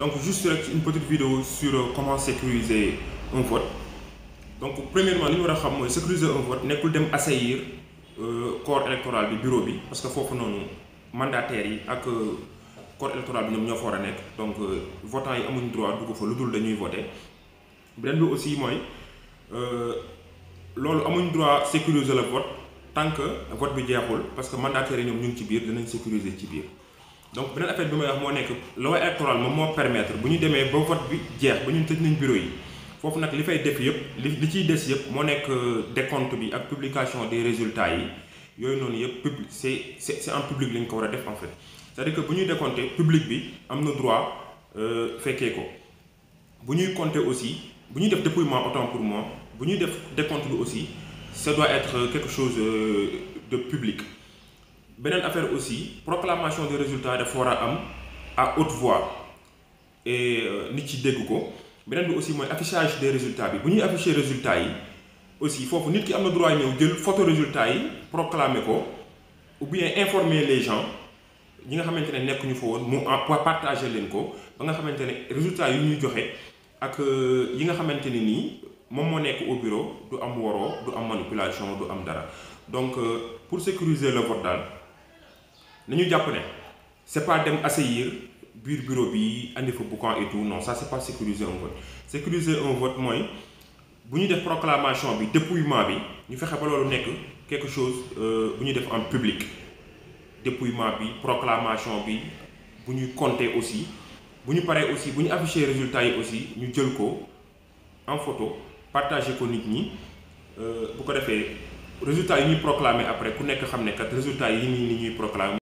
donc juste rek ci une petite vidéo sur euh, comment sécuriser un vote donc premièrement li ñu war a xam mooy sécuriser un vote nekkul dem assaillir euh, corps électoral bi bureau bi parce que foofu noonu mandataires yi ak euh, corps électoral bi ñoom ñoo fa war a nekk donc votants yi amuñ droit dugg fa lu dul dañuy voter beneen bi aussi mooy loolu amuñ droit sécuriser le vote tant que vote bi jeexul parce que mandataires yi ñoom ñu ngi ci biir danañ sécuriser ci biir donc beneen affaire bi may wax moo nekk loi électorale moom moo permettre bu ñu demee ba vote bi jeex ba ñu tëj nañ bureau yi foofu nag li fay def yëpp li li ciy des yëpp moo nekk euh, décompte bi ak publication des résultats yi yooyu noonu yëpp public c'est c'est en public lañ ko war a def en fait c'est-à-dire que bu ñuy décompter public bi am na droit euh, fekkee ko bu ñuy compter aussi bu ñuy def dépouillement autant pour moi bu ñuy def décompte bi aussi ça doit être quelque euh, de public beneen affaire aussi proclamation des résultats dafa war a am à haute voix et euh, nit ci dégg ko beneen bi aussi mooy affichage de résultats bi bu ñuy afficher résultat yi aussi foofu nit ki am na droit ñëw jël photo résultats yi proclamer ko ou bien informer les gens ñi nga xamante ne nekk ñu fa woon mu partager leen ko ba nga xamante ne résultats yu ñuy joxe ak euh, yi nga xamante ne nii moom moo nekk au bureau du am woroo du am manipulation du am dara donc euh, pour sécuriser le vote daal nañu jàpp ne c'est pas dem assaillir biir bureau bi andi fa boucan et tout non ça c'est pas sécuriser un vote sécuriser un vote mooy bu ñu def proclamation bi dépouillement bi ñu fexe ba loolu nekk quelque chose euh, bu ñu def en public dépouillement bi proclamation bi bu ñuy compter aussi bu ñu paree aussi bu ñu afficher résultats yi aussi ñu jël ko en photo partager ko nit ñi euh, bu ko defee résultats yi ñuy proclamer après ku nekk xam ne kat résultats yi nii ni ñuy